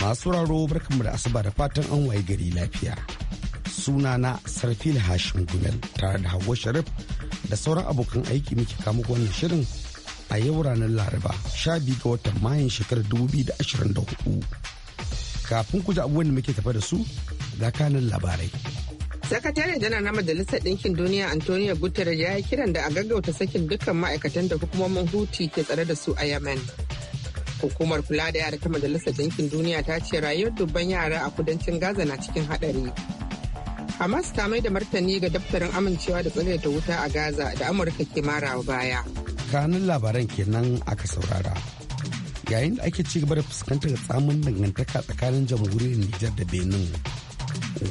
masu raro barkanmu da asuba da fatan an waye gari lafiya suna na sarfil hashim gumel tare da hago sharif da sauran abokan aiki muke kama wannan shirin a yau ranar laraba sha ga watan mayan shekarar 2024 kafin ku ji abubuwan da muke tafa da su ga kanin labarai sakatare janar na majalisar ɗinkin duniya antonio guterres ya yi kiran da a gaggauta sakin dukkan ma'aikatan da hukumomin huti ke tsare da su a yemen Hukumar kula da yara ta Majalisar Ɗinkin Duniya ta ce rayuwar dubban yara a kudancin Gaza na cikin haɗari. Hamas ta mai da martani ga daftarin amincewa da ta wuta a Gaza da Amurka ke marawa baya. Kanun labaran kenan aka saurara. Yayin da ake ci gaba da fuskantar tsamin dangantaka tsakanin jamhuriyar Nijar da Benin.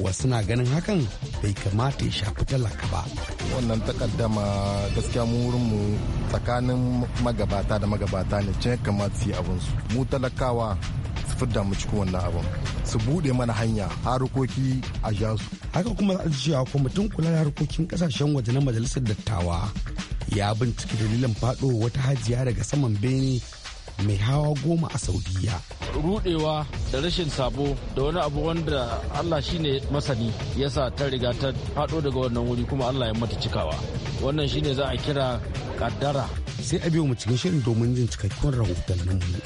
wasu na ganin hakan bai kamata ya shafi talaka ba wannan takaddama gaskiya mu wurin mu tsakanin magabata da magabata ne can kamata su yi su mu talakawa su fidda mu cikin wannan abin su bude mana hanya harkoki a ja su haka kuma za a cewa kwamitin kula da harkokin kasashen waje na majalisar dattawa ya bincike dalilin faɗo wata hajiya daga saman bene mai hawa goma a saudiya rudewa da rashin sabo da wani abu wanda allah shine masani ya sa ta riga ta fado daga wannan wuri kuma allah ya mata cikawa wannan shine za a kira kaddara sai a biyo mu cikin shirin domin jin cikakkun rahotannin mu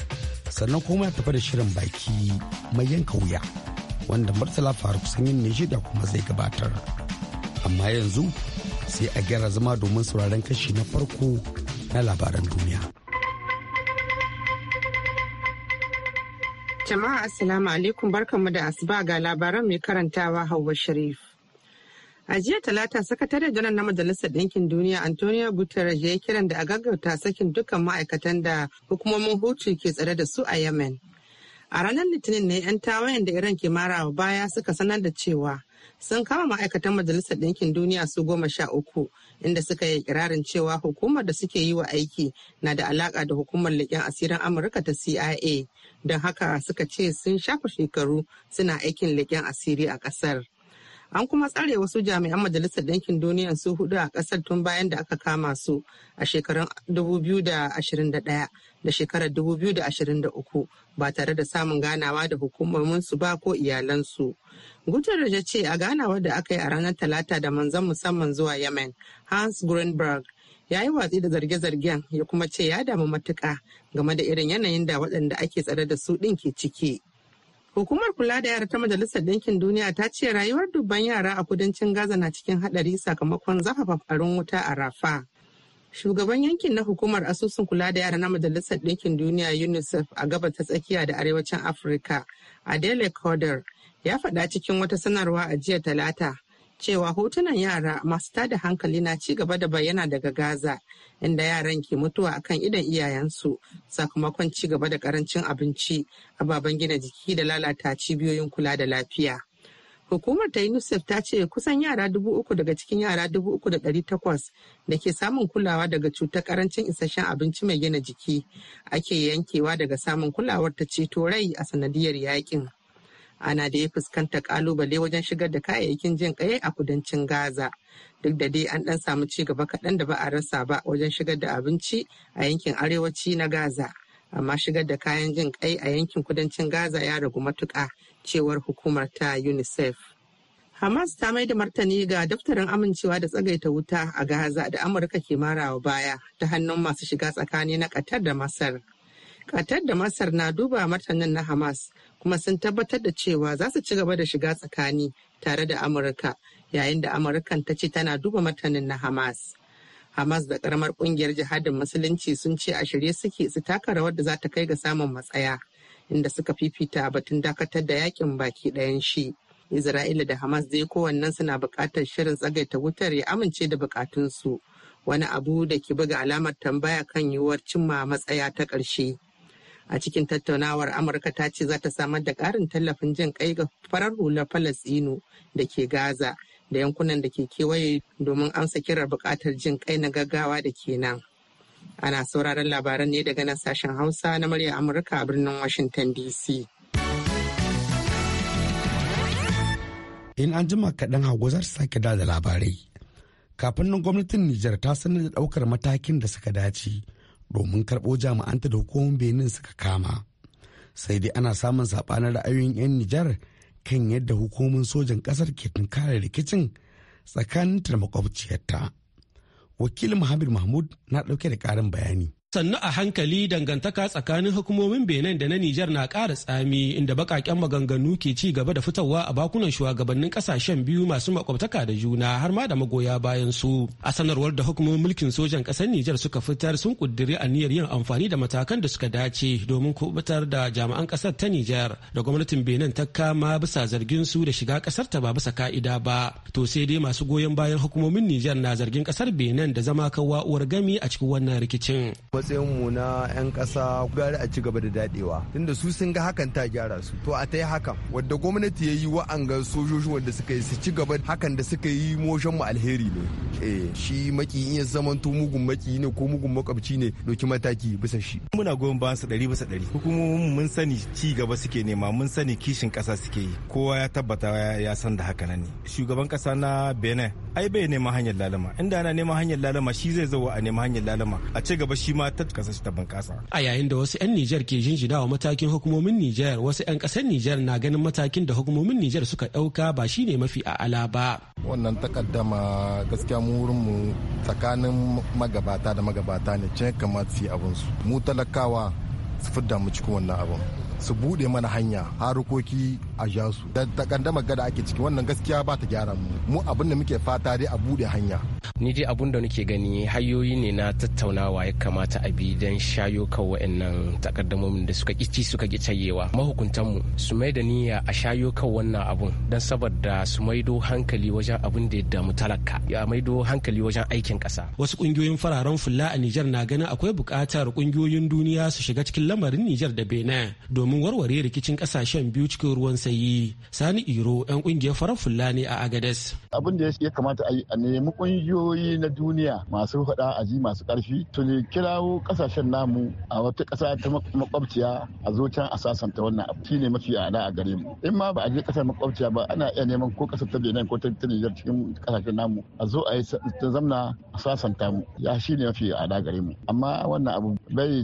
sannan kuma ya tafi da shirin baki mai yanka wuya wanda murtala faruk yin ne shida kuma zai gabatar amma yanzu sai a gyara zama domin sauraron kashi na farko na labaran duniya. Jama'a Assalamu alaikum barkanmu da asuba ga labaran mai karantawa Hauwa Sharif. A jiya talata sakatare janar na Majalisar Ɗinkin Duniya Antonio Guterres ya yi kiran da a gaggauta sakin dukkan ma'aikatan da hukumomin Hutu ke tsare da su a Yemen. A ranar Litinin ne 'yan tawayen da Iran ke marawa baya suka sanar da cewa sun kama ma'aikatan Majalisar Ɗinkin Duniya su goma sha uku inda suka yi kirarin cewa hukumar da suke yi wa aiki na da alaka da hukumar leƙen asirin amurka ta cia don haka suka ce sun shafa shekaru suna aikin leƙen asiri a ƙasar An kuma tsare wasu jami'an Majalisar Ɗinkin Duniya su hudu a ƙasar tun bayan da aka kama su a shekarun 2021 da shekarar 2023 ba tare da samun ganawa da hukumominsu ba ko iyalansu. Guterres ya ce a ganawar da aka yi a ranar Talata da manzan musamman zuwa Yemen, Hans Greenberg ya yi watsi da zarge-zargen ya kuma ce ya damu matuka game da irin yanayin da waɗanda ake tsare da su ɗin ke ciki. Hukumar kula da yara ta Majalisar Dinkin Duniya ta ce rayuwar dubban yara a kudancin Gaza na cikin haɗari sakamakon zafafarin wuta a Rafa. Shugaban yankin na hukumar asusun kula da yara na Majalisar Dinkin Duniya UNICEF a gaba ta tsakiya da arewacin Afirka, Adele Coder, ya faɗa cikin wata sanarwa a jiya Talata cewa hotunan yara masu tada hankali na ci gaba da bayyana daga Gaza inda yaran ke mutuwa a kan idan iyayensu sakamakon ci gaba da karancin abinci, ababen gina jiki da lalata cibiyoyin kula da lafiya. Hukumar ta UNICEF ta ce kusan yara dubu uku daga cikin yara dubu uku da ɗari takwas da ke samun kulawa daga cutar karancin isasshen abinci mai gina jiki ake yankewa daga samun kulawar ta ceto rai a sanadiyar yakin. ana da ya fuskanta kalubale wajen shigar da kayayyakin jin kai a kudancin gaza duk da dai an dan samu ci gaba kaɗan da ba a rasa ba wajen shigar da abinci a yankin arewaci na gaza amma shigar da kayan jin kai a yankin kudancin gaza ya ragu matuƙa cewar hukumar ta unicef hamas ta mai da martani ga daftarin amincewa da tsagaita wuta a gaza da amurka ke marawa baya ta hannun masu shiga tsakani na qatar da masar Qatar da Masar na duba martanin na Hamas kuma sun tabbatar da cewa za su ci gaba da shiga tsakani tare da amurka yayin da amurkan ta ce tana duba matanin na hamas hamas da karamar kungiyar jihadin musulunci sun ce a shirye suke su taka rawar da za ta kai ga samun matsaya inda suka fifita batun dakatar da yakin baki ɗayan shi isra'ila da hamas dai kowannen suna buƙatar shirin tsagaita wutar ya amince da buƙatunsu wani abu da ke buga alamar tambaya kan yiwuwar cimma matsaya ta ƙarshe a cikin tattaunawar amurka ta ce za ta samar da ƙarin tallafin jin kai ga farar hular falastinu da ke gaza da yankunan da ke kewaye domin amsa kirar bukatar jin kai na gaggawa da ke nan ana sauraron labaran ne daga nan sashen hausa na murya amurka a birnin washington dc in an jima kaɗan hagu za sa sake da labarai kafin nan gwamnatin Nijar ta sanar da ɗaukar matakin da suka dace domin karɓo jami'anta da hukumar benin suka kama sai dai ana samun saɓanin ra'ayoyin 'yan nijar kan yadda hukumomin sojan ƙasar ke tunkarar rikicin tsakanin da makwabciyarta wakilin muhammad mahmud na ɗauke da ƙarin bayani sannu a hankali dangantaka tsakanin hukumomin benin da na nijar na kara tsami inda bakaken maganganu ke ci gaba da fitowa a bakunan shugabannin kasashen biyu masu makwabtaka da juna har ma da magoya bayan su a sanarwar da hukumomin mulkin sojan kasar nijar suka fitar sun kuddiri aniyar yin amfani da matakan da suka dace domin kubutar da jami'an kasar ta nijar da gwamnatin benin ta kama bisa zargin su da shiga kasar ta ba bisa ka'ida ba to sai dai masu goyon bayan hukumomin nijar na zargin ƙasar benin da zama kawa uwar gami a cikin wannan rikicin matsayin mu na 'yan ƙasa gari a ci gaba da dadewa tunda su sun ga hakan ta gyara su to a ta yi hakan wadda gwamnati ya yi wa'anga sojoji wadda suka yi su ci gaba hakan da suka yi moshen mu alheri ne eh shi maki in ya zamanto mugun maki ne ko mugun makwabci ne doki mataki bisa shi muna goyon bayan su dari bisa dari hukumomin mun sani ci gaba suke nema mun sani kishin ƙasa suke yi kowa ya tabbata ya san da haka ne shugaban ƙasa na benin ai bai nema hanyar lalama inda ana nema hanyar lalama shi zai zo a nema hanyar lalama a ci gaba shi ma fatar kasar ta bunƙasa. A yayin da wasu 'yan Nijar ke wa matakin hukumomin Nijar wasu 'yan ƙasar Nijar na ganin matakin da hukumomin Nijar suka ɗauka ba shi ne mafi a'ala ba. Wannan takaddama gaskiya mu wurin mu tsakanin magabata da magabata ne ce kamata su yi abinsu. Mu talakawa su fidda mu cikin wannan abin. su buɗe mana hanya harkoki a ja su da takandama gada ake ciki wannan gaskiya ba ta gyara mu mu abin da muke fata dai a bude hanya ni dai abun da nake gani hanyoyi ne na tattaunawa ya kamata a bi don shayo kan wa'annan takaddamomin da suka kici suka ki mahukuntan mu su mai da niyya a shayo kan wannan abun don saboda su maido hankali wajen abin da ya damu talaka ya maido hankali wajen aikin kasa wasu ƙungiyoyin fararen fulla a Nijar na ganin akwai buƙatar kungiyoyin duniya su shiga cikin lamarin Nijar da Benin domin warware rikicin kasashen biyu cikin ruwan sayi sani iro yan kungiyar farar fulani a agades abin da ya kamata a yi a nemi kungiyoyi na duniya masu faɗa aji masu ƙarfi to ne kirawo ƙasashen namu a wata ƙasa ta makwabciya a zo can a sasanta wannan abu shine mafi ala a gare mu in ma ba a je kasar makwabciya ba ana iya neman ko ƙasar ta benin ko ta nijar cikin kasashen namu a zo a yi ta zamna a sasanta mu ya shine mafi a gare mu amma wannan abu bai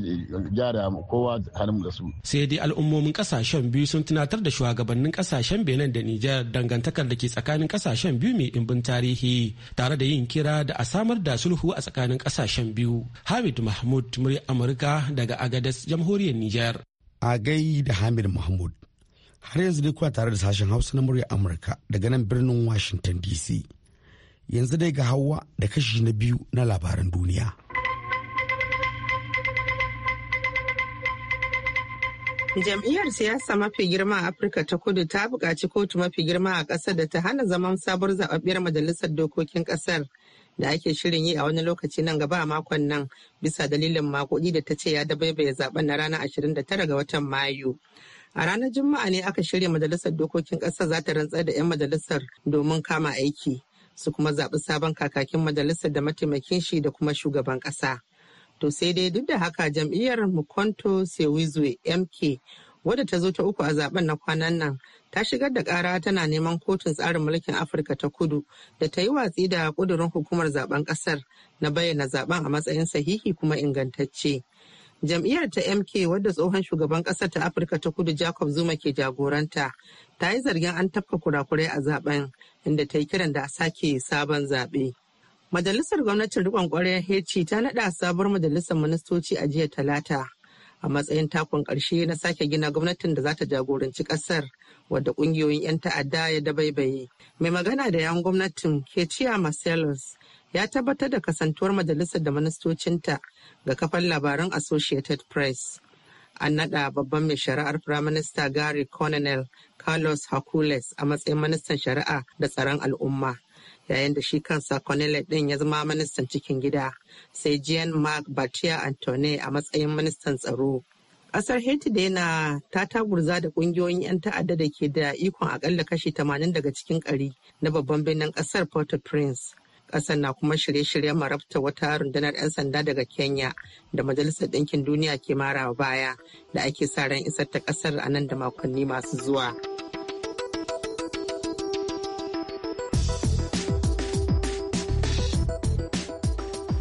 gyara kowa hannun da su sai dai al'ummomin ƙasashen biyu sun tunatar da shugaban shugabannin kasashen benin da nijar dangantakar da ke tsakanin kasashen biyu mai ɗimbin tarihi tare da yin kira da a samar da sulhu a tsakanin kasashen biyu hamid mahmud murya amurka daga agadas jamhuriyar nijar a gai da hamid mahmud har yanzu dai kuwa tare da sashen hausa na murya amurka daga nan birnin washington dc yanzu dai ga hawa da kashi na biyu na labaran duniya Jam'iyyar siyasa mafi girma a Afirka ta kudu ta buƙaci kotu mafi girma a ƙasar da ta hana zaman sabuwar zaɓaɓɓiyar majalisar dokokin ƙasar da ake shirin yi a wani lokaci nan gaba a makon nan bisa dalilin makudi da ta ce ya dabaibaye zaben na ranar 29 ga watan Mayu. A ranar Juma'a ne aka shirya majalisar dokokin ƙasar za ta rantsar da 'yan majalisar domin kama aiki su kuma zaɓi sabon kakakin majalisar da mataimakin shi da kuma shugaban ƙasa. To sai dai duk da haka jam'iyyar Mukonto Sewizwe MK wadda ta zo ta uku a zaben na kwanan nan ta shigar da kara tana neman kotun tsarin mulkin afirka ta kudu da ta yi watsi da kudurin hukumar zaben kasar na bayyana zaben a matsayin sahihi kuma ingantacce jam'iyyar ta mk wadda tsohon shugaban kasar ta afirka ta kudu jacob zuma ke jagoranta ta yi zargin an tafka kurakurai a zaben inda ta yi kiran da a sake sabon zaɓe. Majalisar gwamnatin rikon ƙwarya Heci ta naɗa sabuwar majalisar ministoci a jiya talata a matsayin takon ƙarshe na sake gina gwamnatin da za ta jagoranci ƙasar wadda ƙungiyoyin 'yan ta'adda ya dabaibaye. Mai magana da yan gwamnatin Kecia Marcellus ya tabbatar da kasantuwar majalisar da ministocinta ga kafan labaran Associated Press. An naɗa babban mai shari'ar Firaminista Gary Cononel Carlos Hercules a matsayin ministan shari'a da tsaron al'umma. yayin da shi kansa Cornelia din ya zama ministan cikin gida sai Jean mark Batia Antone a matsayin ministan tsaro. Ƙasar Haiti da yana ta tagurza da kungiyoyin 'yan ta'adda da ke da ikon akalla kashi 80 daga cikin kari na babban birnin ƙasar Port-au-Prince. Ƙasar na kuma shirye-shiryen marabta wata rundunar 'yan sanda daga Kenya da Majalisar Ɗinkin Duniya ke mara baya da ake sa ran isar ta ƙasar a nan da makonni masu zuwa.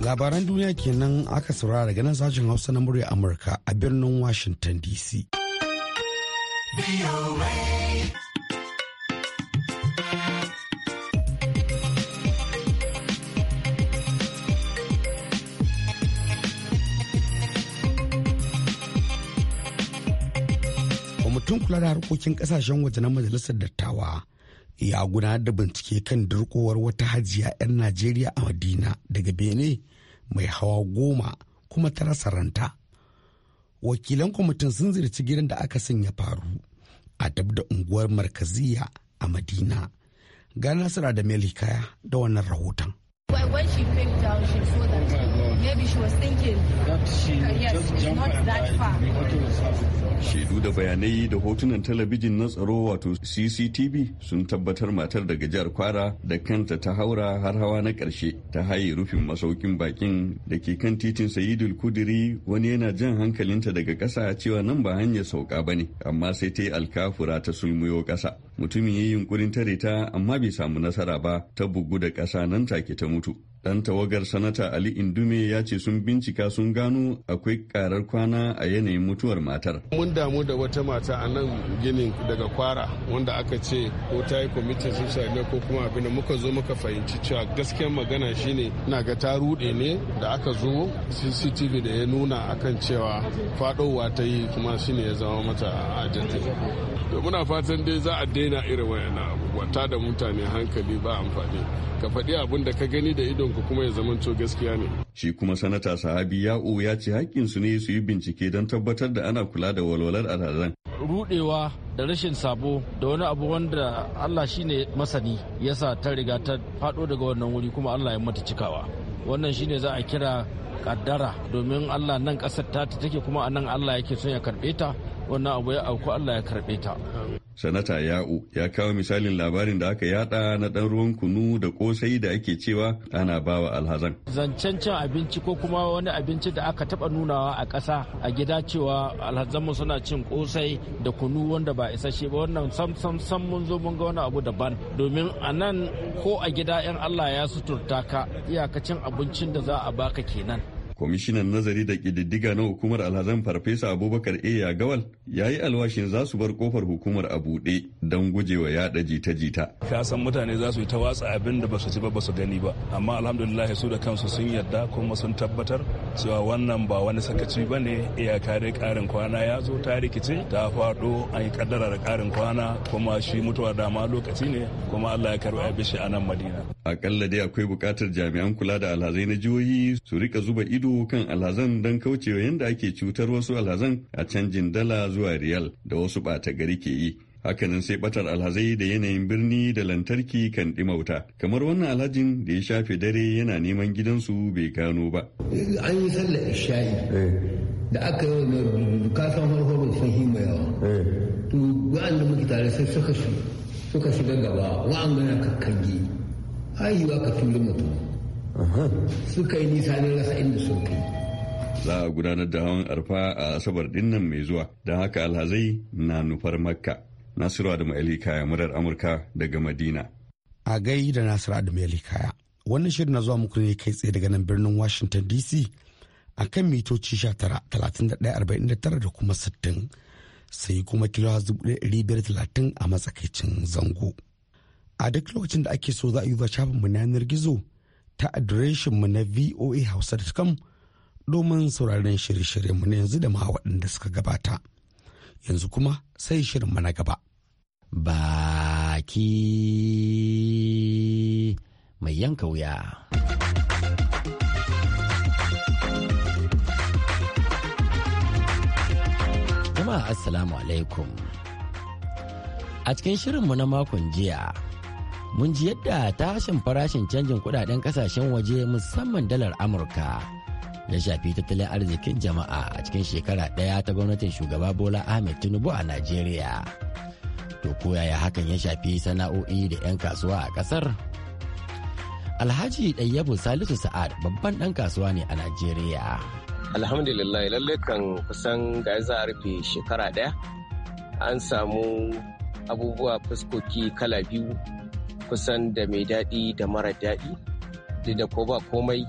labaran duniya kenan aka saurara daga nan sashen hausa na murya amurka a birnin washington dc kwamitin kula da harkokin kasashen waje na majalisar dattawa ya gudanar da bincike kan durkowar wata hajiya 'yan najeriya a madina daga bene mai hawa goma kuma ta rasa ranta wakilan kwamitin sun zirci gidan da aka sanya faru a dab da unguwar markaziya a madina ga suna da melikaya da wannan rahoton When she picked down, she saw that oh maybe she was thinking that she yes, just it's not that far. Shaidu da bayanai da hotunan talabijin na tsaro wato CCTV sun tabbatar matar daga jihar Kwara da kanta ta haura har hawa na ƙarshe ta haye rufin masaukin bakin da ke kan titin Sayidul Kudiri wani yana jan hankalinta daga ƙasa cewa nan ba hanyar sauka ba ne amma sai ta yi alkafura ta sulmuyo ƙasa. mutumin ya yi yunkurin tare ta amma bai samu nasara ba ta bugu da ƙasa nan take ta mutu Dan tawagar sanata Ali Indume ya ce sun bincika sun gano akwai karar kwana a yanayin mutuwar matar. Mun damu da wata mata a nan ginin daga kwara wanda aka ce ko ta yi kwamitin suicide ko kuma abin da muka zo muka fahimci cewa gaskiyar magana shine na ga ta rude ne da aka zo CCTV da ya nuna akan cewa fadowa ta yi kuma shine ya zama mata a ajiyar. muna fatan dai za a daina irin wayannan abubuwa ta da mutane hankali ba amfani ka faɗi abin da ka gani da ido. ku kuma ya to gaskiya ne. Shi kuma sanata sahabi ya'u ya ce hakkin su ne su yi bincike don tabbatar da ana kula da walwalar alhazan. Rudewa da rashin sabo da wani abu wanda Allah shi ne masani ya sa ta riga ta faɗo daga wannan wuri kuma Allah ya mata cikawa. Wannan shi ne za a kira kaddara domin Allah nan ƙasar ta take kuma a nan Allah yake son ya karbe ta wannan abu ya auku Allah ya karɓe ta. Sanata Ya'u ya kawo misalin labarin da aka yada na ɗan ruwan kunu da kosai da ake cewa ana bawa alhazan. Zancen cin abinci ko kuma wani abinci da aka taba nunawa a ƙasa a gida cewa alhazanmu suna cin kosai da kunu wanda ba isasshe ba wannan sam sam sam mun zo mun ga wani abu daban domin anan ko a gida 'yan Allah ya suturta ka iyakacin abincin da za a baka kenan. kwamishinan nazari da kididdiga na hukumar alhazan farfesa abubakar a gawal ya yi alwashin za su bar kofar hukumar a buɗe don gujewa yaɗa jita-jita ka san mutane za su yi ta watsa abin da ba su ci ba ba su gani ba amma alhamdulillah su da kansu sun yarda kuma sun tabbatar cewa wannan ba wani sakaci ba ne iya karin ƙarin kwana ya zo ta rikice ta faɗo an yi kaddara da ƙarin kwana kuma shi mutuwa dama lokaci ne kuma allah ya karɓi a shi a nan madina akalla dai akwai buƙatar jami'an kula da alhazai na jihohi su rika zuba ido kan alhazan don kaucewa yadda ake cutar wasu alhazan a canjin dala zuwa riyal da wasu bata gari ke yi. Hakanan sai batar alhazai da yanayin birni da lantarki kan ɗimauta. Kamar wannan alhajin da ya shafe dare yana neman gidansu bai gano ba. An yi sallar isha'i eh. da aka yi kasan sun yawa. Eh. To da muke tare sai suka shiga gaba wa'anda na kakkage. Haihuwa ka turi mutum. suka yi nisa ne rasa inda sun za a gudanar da hawan arfa a asabar dinnan mai zuwa don haka alhazai na nufar makka nasiru adamu kaya murar amurka daga madina a gai da nasiru adamu kaya wannan shirin na zuwa muku ne kai tsaye daga nan birnin washington dc a kan mitoci 19,31,49 da kuma 60 sai kuma kilo talatin a matsakaicin zango a duk lokacin da ake so za a yi zuwa shafinmu na yanar gizo ta adireshinmu na hausa.com domin sauraron shirye-shiryenmu na yanzu da ma waɗanda suka gabata. Yanzu kuma sai shirinmu na gaba. Baki mai yanka wuya. Jama'a Assalamu alaikum. A cikin shirinmu na makon jiya. mun ji yadda tashin farashin canjin kudaden kasashen waje musamman dalar amurka ya shafi tattalin arzikin jama'a a cikin shekara daya ta gwamnatin shugaba bola ahmed tinubu a najeriya to ko yaya hakan ya shafi sana'o'i da 'yan kasuwa a kasar? alhaji ɗayyabu salisu sa'ad babban ɗan kasuwa ne a najeriya alhamdulillah lallai kan kusan ga za a rufe shekara ɗaya an samu abubuwa fuskoki kala biyu kusan da mai daɗi da mara daɗi duk da ko ba komai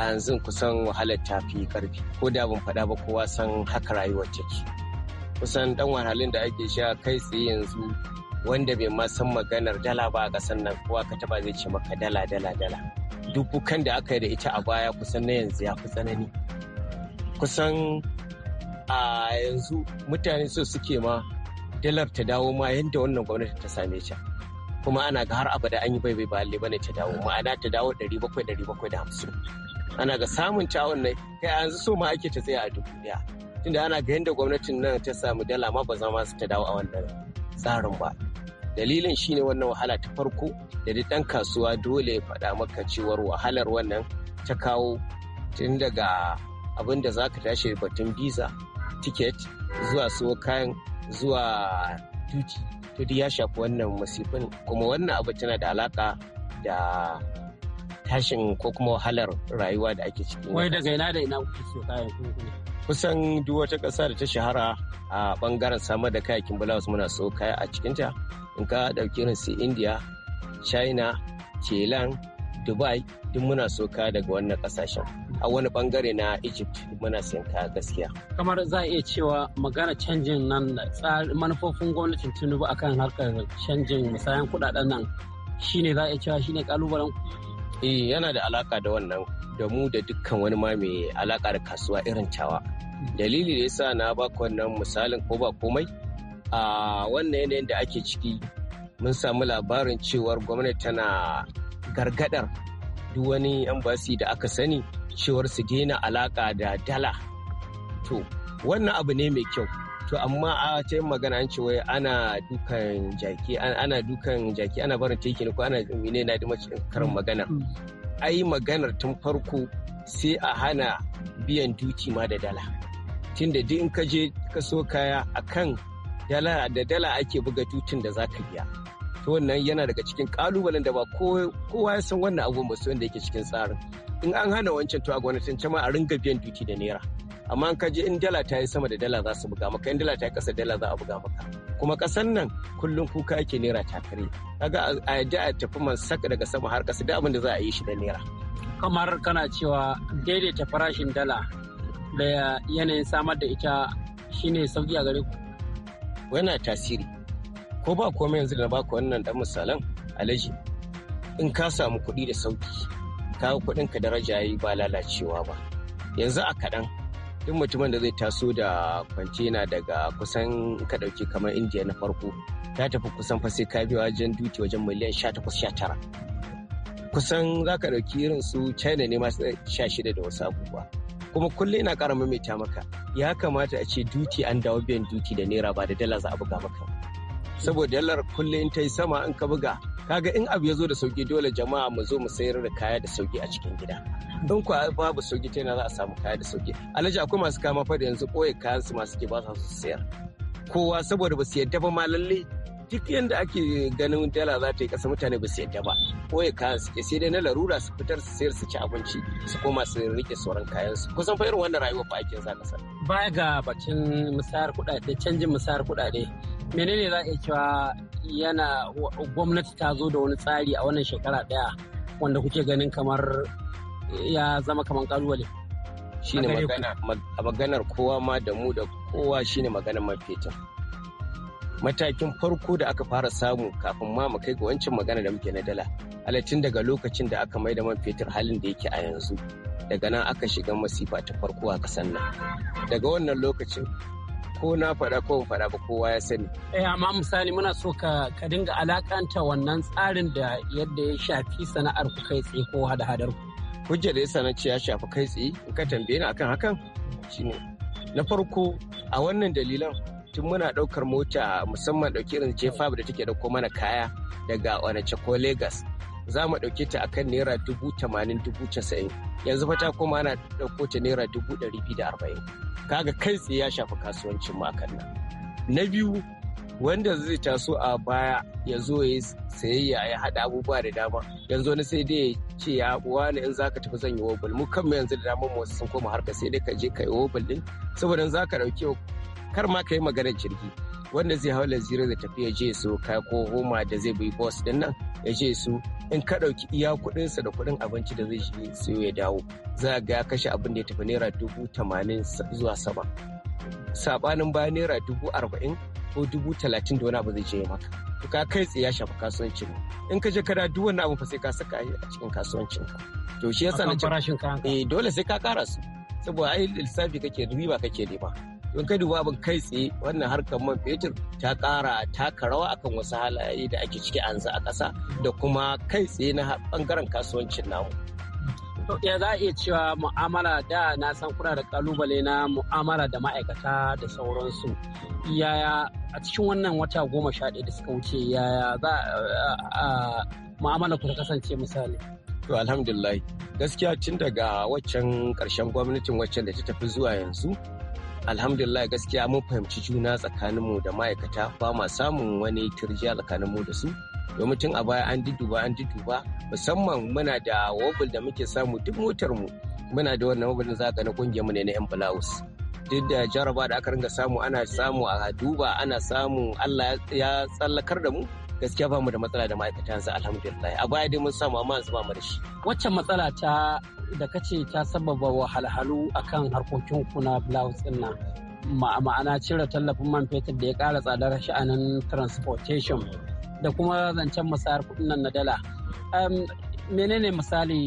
a yanzu kusan wahalar ta fi karfi ko da ban faɗa ba kowa san haka rayuwar take kusan dan wahalin da ake sha kai tsaye yanzu wanda bai ma san maganar dala ba a ƙasar nan kowa ka taba zai ce maka dala dala dala dubukan da aka yi da ita a baya kusan na yanzu ya fi tsanani kusan a yanzu mutane so suke ma dalar ta dawo ma yadda wannan gwamnati ta same ta kuma ana ga har abada an yi bai bai ba bane ta dawo ma'ana ta dawo da 750 ana ga samun cawon nan kai yanzu so ma ake ta tsaya a dubu tunda ana ga yadda gwamnatin nan ta samu dala ma ba zama su ta dawo a wannan tsarin ba dalilin shine wannan wahala ta farko da duk dan kasuwa dole ya faɗa maka cewar wahalar wannan ta kawo tun daga abin da za ka tashi batun biza tiket zuwa siyo kayan zuwa duty zafi ya shafi wannan masifin kuma wannan abu tana da alaka da tashin ko kuma wahalar rayuwa da ake ciki. Wai daga ina da ina kuke so Kusan duk wata ƙasa da ta shahara a ɓangaren samar da kayakin bulawus muna so kaya a cikinta. In ka ɗauki irin su India, China, Thailand, Dubai duk muna so kaya daga wannan ƙasashen. a wani bangare na egypt muna siyan kaya gaskiya kamar za a iya cewa magana canjin nan manufofin gwamnatin tinubu kan harkar canjin musayan kudaden nan shine za a iya cewa shine kalubalen eh yana da alaka da wannan da mu da dukkan wani ma mai alaka da kasuwa irin tawa dalili da yasa na baka wannan misalin ko ba komai a wannan yanayin da ake ciki mun samu labarin cewar gwamnati tana gargadar duk wani yan basi da aka sani cewar su daina alaka da dala to wannan abu ne mai kyau to amma a ta yin magana an ce wai ana dukan jaki ana dukan jaki ana barin teki ko ana ne na dima karin magana mm, mm. ai maganar tun farko sai a hana biyan duki ma da dala tunda duk in ka je ka so kaya akan dala da dala ake buga dutin da za ka biya to wannan yana daga cikin kalubalen da ba kowa ya san wannan abu masu wanda yake cikin tsarin in an hana wancan to a gwamnatance ma a ringa biyan duti da naira amma an kaji in dala ta yi sama da dala za su buga maka in dala ta yi kasa dala za a buga maka kuma kasan nan kullum kuka yake naira ta kare kaga a yadda a tafi man saka daga sama har kasa da abin da za a yi shi da naira kamar kana cewa daidaita farashin dala da yanayin samar da ita shine sauki a gare ku yana tasiri ko ba komai yanzu da na baku wannan dan misalan alaji in ka samu kuɗi da sauki kawo kuɗin ka daraja yi ba lalacewa ba yanzu a kaɗan duk mutumin da zai taso da kwantena daga kusan ka ɗauki kamar indiya na farko ta tafi kusan fa sai ka biya wajen duti wajen miliyan sha tara. kusan za ka ɗauki irin su china ne masu shida da wasu abubuwa kuma kullum na ƙara maimaita maka ya kamata a ce duti an dawo biyan duti da naira ba da dala za a buga maka saboda dalar kullum in ta yi sama in ka buga kaga in abu ya zo da sauki dole jama'a mu zo mu sayar da kaya da sauki a cikin gida don kuwa babu sauki ta yana za a samu kaya da sauki alhaji akwai masu kama fa da yanzu ɓoye kayan su masu ke ba su sayar kowa saboda ba su yadda ba ma lalle duk yadda ake ganin dala za ta yi kasa mutane ba su yadda ba ɓoye kayan su ke sai dai na larura su fitar su sayar su ci abinci su koma su rike sauran kayan su kusan fa irin wannan rayuwar ba ake sa baya ga bakin musayar kuɗaɗe canjin musayar kuɗaɗe menene za a cewa yana gwamnati ta zo da wani tsari a wannan shekara daya wanda kuke ganin kamar ya zama kamar kalubale shine maganar kowa ma da mu da kowa shine maganar mafetin matakin farko da aka fara samu kafin ma kai ga wancan magana da muke na dala halittun daga lokacin da aka mai da man fetur halin da yake a yanzu daga nan aka shiga masifa ta farko a kasan nan daga wannan lokacin ko na faɗa ko faɗa ba kowa ya sani. Eh amma misali muna so ka ka dinga alakanta wannan tsarin da yadda ya shafi sana'ar ku kai tsaye ko hada-hadar ku. Hujjar ya ce ya shafi kai tsaye in ka tambaye ni akan hakan shine na farko a wannan dalilan tun muna ɗaukar mota musamman ɗauki irin jefa da take ɗauko mana kaya daga Onitsha ko Legas. za mu ɗauke ta akan naira dubu tamanin dubu casa'in yanzu fa ta koma ana ɗauko ta naira dubu ɗari biyu da arba'in kaga kai tsaye ya shafi kasuwancin makan nan na biyu wanda zai taso a baya ya zo ya sayayya ya haɗa abubuwa da dama yanzu wani sai dai ya ce ya wani in zaka tafi zan yi wobal mu kanmu yanzu da dama mu sun koma harka sai dai ka je ka yi wobal din saboda za ka ɗauki kar ma ka yi maganar jirgi wanda zai hau lazira da tafiya je su ka ko homa da zai bi bos din nan ya je su in ka ɗauki iya kuɗinsa da kuɗin abinci da zai je su ya dawo za ga ya kashe abin da ya tafi naira dubu tamanin zuwa sama saɓanin ba naira dubu arba'in ko dubu talatin da wani abu zai je maka to ka kai tsaye ya shafi kasuwancin in ka je kada duk wani abu fa sai ka saka a cikin kasuwancin ka to shi yasa na ce eh dole sai ka kara su saboda ai lissafi kake riba kake nema in kai duba abin kai tsaye wannan harkar man fetur ta kara taka rawa akan wasu halaye da ake ciki an a ƙasa da kuma kai tsaye na bangaren kasuwancin namu ya za a iya cewa mu'amala da na san kuna da kalubale na mu'amala da ma'aikata da sauransu yaya a cikin wannan wata goma sha ɗaya da suka wuce yaya za a mu'amala ku kasance misali to alhamdulillah gaskiya tun daga waccan karshen gwamnatin waccan da ta tafi zuwa yanzu alhamdulillah gaskiya mun fahimci juna tsakaninmu da ma'aikata ba ma samun wani turjiya mu da su domin tun a baya an didduba an didduba. musamman muna da wobul da muke samu duk motar mu muna da wannan wobul za ka na kungiyar mu ne na yan blouse duk da jaraba da aka ringa samu ana samu a duba ana samu Allah ya tsallakar da mu gaskiya ba mu da matsala da ma'aikatan su alhamdulillah a baya dai mun samu amma yanzu ba mu da shi waccan matsala ta da kace ta sababa wahalhalu akan harkokin ku na blouse din nan ma'ana cire tallafin man fetur da ya ƙara tsadar sha'anin transportation da kuma zancen musayar kuɗin nan na dala menene misali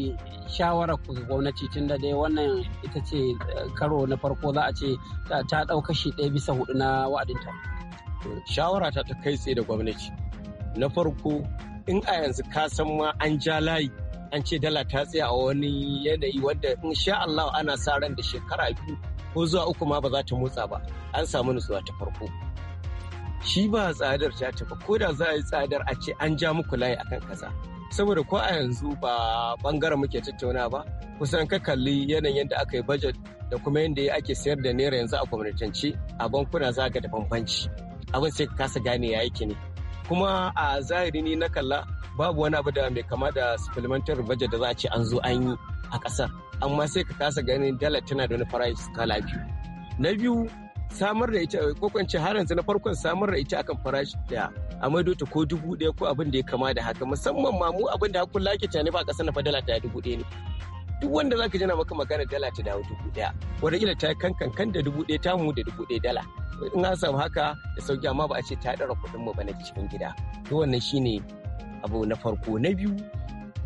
shawarar ku gwamnati tun da dai wannan ita ce eh, karo na farko za a ce ta ɗau kashi ɗaya bisa hudu na wa'adinta shawara ta ta kai tsaye da gwamnati na farko in a yanzu ka san ma an ja layi an ce dala ta tsaya a wani yanayi wanda in sha Allah ana sa ran da shekara biyu ko zuwa uku ma ba za ta motsa ba an samu nutsuwa ta farko shi ba tsadar ta tafi ko da za a yi tsadar a ce an ja muku layi akan kaza saboda ko a yanzu ba bangaren muke tattauna ba kusan ka kalli yanayin yadda aka yi budget da kuma yadda ake sayar da naira yanzu a gwamnatance a bankuna za ga da bambanci abin sai ka kasa gane ya yake ne kuma a zahiri ni na kalla babu wani abu da mai kama da supplementary budget da za a ce an zo an yi a ƙasar amma sai ka kasa ganin dala tana da wani price kala biyu na biyu samar da ita ko kwance har yanzu na farkon samar da ita akan farashi daya a maido ta ko dubu ɗaya ko abin da ya kama da haka musamman ma mu abin da hakun lake ta ne ba kasar na fa dala ta dubu ɗaya ne duk wanda zaka jana maka magana dala ta dawo dubu daya ila ta kankan kan da dubu daya tamu da dubu daya dala in an samu haka da sauki amma ba a ce ta dara kuɗin mu ba na cikin gida to wannan shine abu na farko na biyu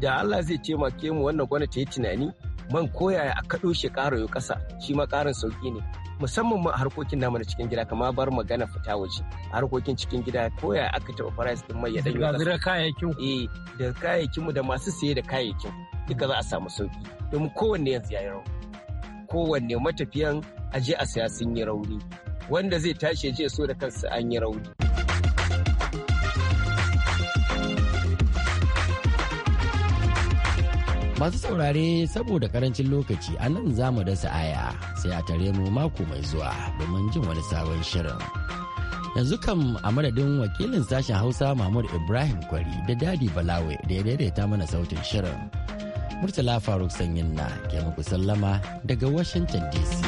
da Allah zai taimake mu wannan gwamnati ta yi tunani man koyaya a kaɗo shi ƙara ƙasa shi ma ƙarin sauƙi ne musamman ma harkokin namu na cikin gida kama bar magana fita waje harkokin cikin gida koya aka taɓa farais din mai ya dan yi kayayyakin eh da kayayyakin mu da masu saye da kayayyakin duka za a samu sauki domin kowanne yanzu ya yi rauni kowanne matafiyan aje a saya sun yi rauni wanda zai tashi je so da kansa an yi rauni. Masu saurare saboda karancin lokaci a nan za mu dasa aya sai a tare mu mako mai zuwa domin jin wani sabon shirin. Yanzu kam a madadin wakilin sashen Hausa Mahmud Ibrahim Kwari da Dadi Balawe da ya daidaita mana sautin shirin. Murtala Faruk Sanyin na ke muku sallama daga Washington DC.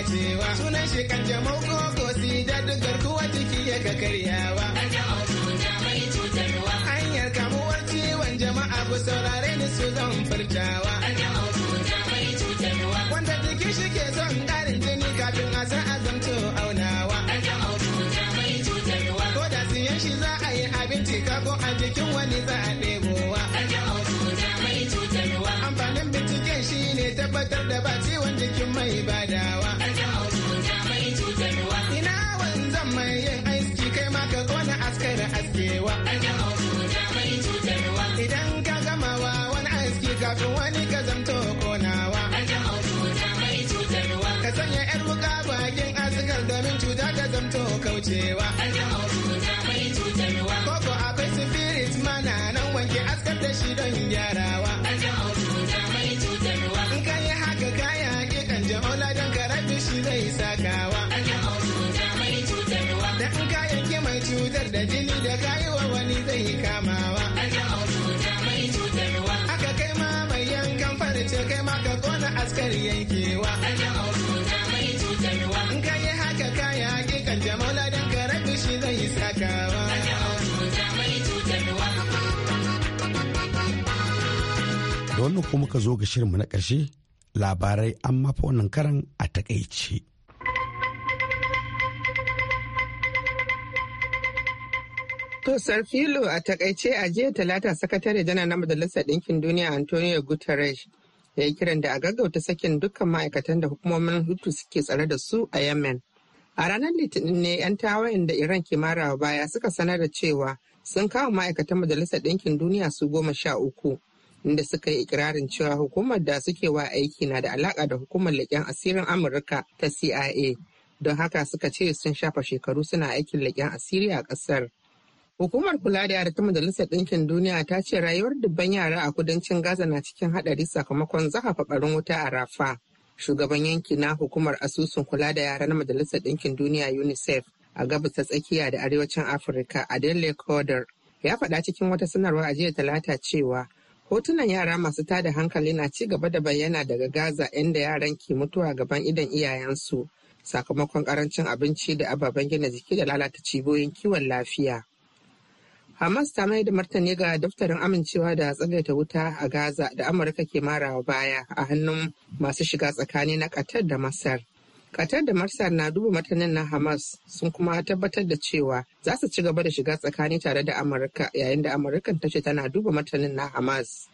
dacewa sunan shi kan jamau ko si da garkuwa jiki ya ka karyawa hanyar kamuwar ciwon jama'a ku saurare ni su zan furtawa cewa koko akwai spirit mana nan wanke askar da shi don gyarawa in ka yi haka kaya ke kan jama'ula don karatu shi zai sakawa da in ka mai cutar da jini da kayi wani zai kamawa haka kai ma mai yankan farce kai ma ka kona askar yanki da wannan kuma ka zo ga shirinmu na ƙarshe labarai an mafa wannan karan a takaice. To Sarfilo a takaice a jiya talata sakatare janar na majalisar ɗinkin duniya Antonio Guterres ya yi kiran da a gaggauta sakin dukkan ma'aikatan da hukumomin hutu suke tsare da su a Yemen. A ranar Litinin ne 'yan tawayen da Iran ke marawa baya suka sanar da cewa sun kawo ma'aikatan majalisar ɗinkin duniya su goma sha uku inda suka yi ikirarin cewa hukumar da suke wa aiki na da alaka da hukumar leƙen asirin amurka ta cia don haka suka ce sun shafa shekaru suna aikin leƙen asiri a ƙasar hukumar kula da yara ta majalisar ɗinkin duniya ta ce rayuwar dubban yara a kudancin gaza na cikin haɗari sakamakon zahafa ɓarin wuta a rafa shugaban yanki na hukumar asusun kula da yara na majalisar ɗinkin duniya unicef a gabas ta tsakiya da arewacin afirka adele Koder ya faɗa cikin wata sanarwa a jiya talata cewa Hotunan yara masu tada hankali na ci gaba da bayyana daga Gaza inda yaran ke mutuwa gaban idon iyayensu sakamakon karancin abinci da ababen gina jiki da lalata cibiyoyin kiwon lafiya. Hamas ta mai da martani ga daftarin amincewa da tsagaita wuta a Gaza da Amurka ke marawa baya a hannun masu shiga tsakani na Qatar da Masar. Qatar da marsa na duba matanin na Hamas sun kuma tabbatar da cewa za su ci gaba da shiga tsakani tare da Amurka yayin da Amurkan ta ce tana duba matanin na Hamas.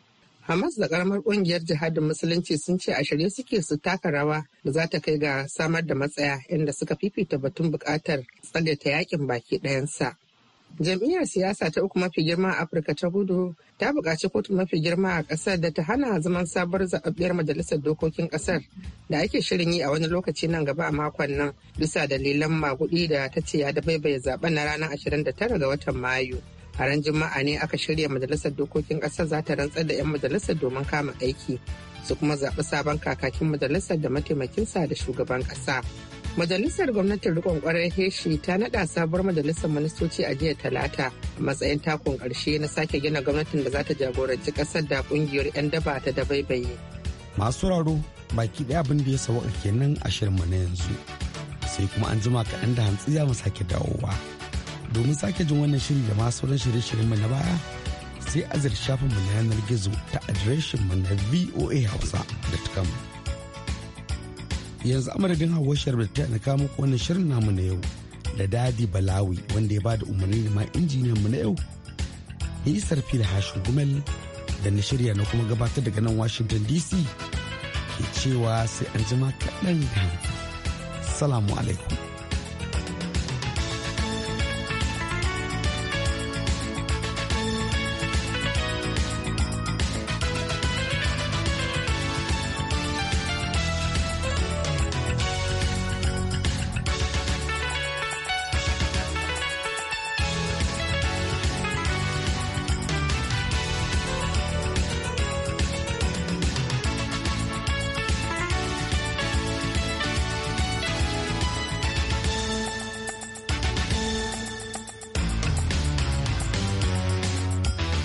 Hamas da karamar kungiyar jihadin musulunci sun ce a shirye suke su taka rawa da za ta kai ga samar da matsaya inda suka fifita batun bukatar ta yakin baki ɗayansa. jam'iyyar siyasa ta uku mafi girma a afirka ta gudu ta buƙaci kotu mafi girma a ƙasar da ta hana zaman sabuwar zaɓaɓɓiyar majalisar dokokin ƙasar da ake shirin yi a wani lokaci nan gaba a makon nan bisa dalilan maguɗi da ta ce ya dabaibaye zaɓen na ranar 29 ga watan mayu a ran juma'a ne aka shirya majalisar dokokin ƙasar za ta rantsar da 'yan majalisar domin kama aiki su kuma zaɓi sabon kakakin majalisar da mataimakinsa da shugaban ƙasa Majalisar gwamnatin rikon kwarar Heshi ta naɗa sabuwar majalisar ministoci a jiya talata a matsayin takon karshe na sake gina gwamnatin da za ta jagoranci kasar da ƙungiyar 'yan daba ta da baibaye. Masu raro baki ɗaya abin da ya a kenan a shirinmu na yanzu. Sai kuma an jima kaɗan da hantsi za mu sake dawowa. Domin sake jin wannan shiri da masu sauran shirye-shiryenmu na baya sai azir shafinmu na yanar gizo ta adireshinmu na voa hausa.com. yanzu amadadin hawa da ta kawo muku wannan shirin namu na yau da dadi balawi wanda ya bada umarni da ma injiniyan mu na yau ni isar fil hashin gumel da na shirya na kuma gabatar daga nan washington dc ke cewa sai an jima kaɗan salamu alaikum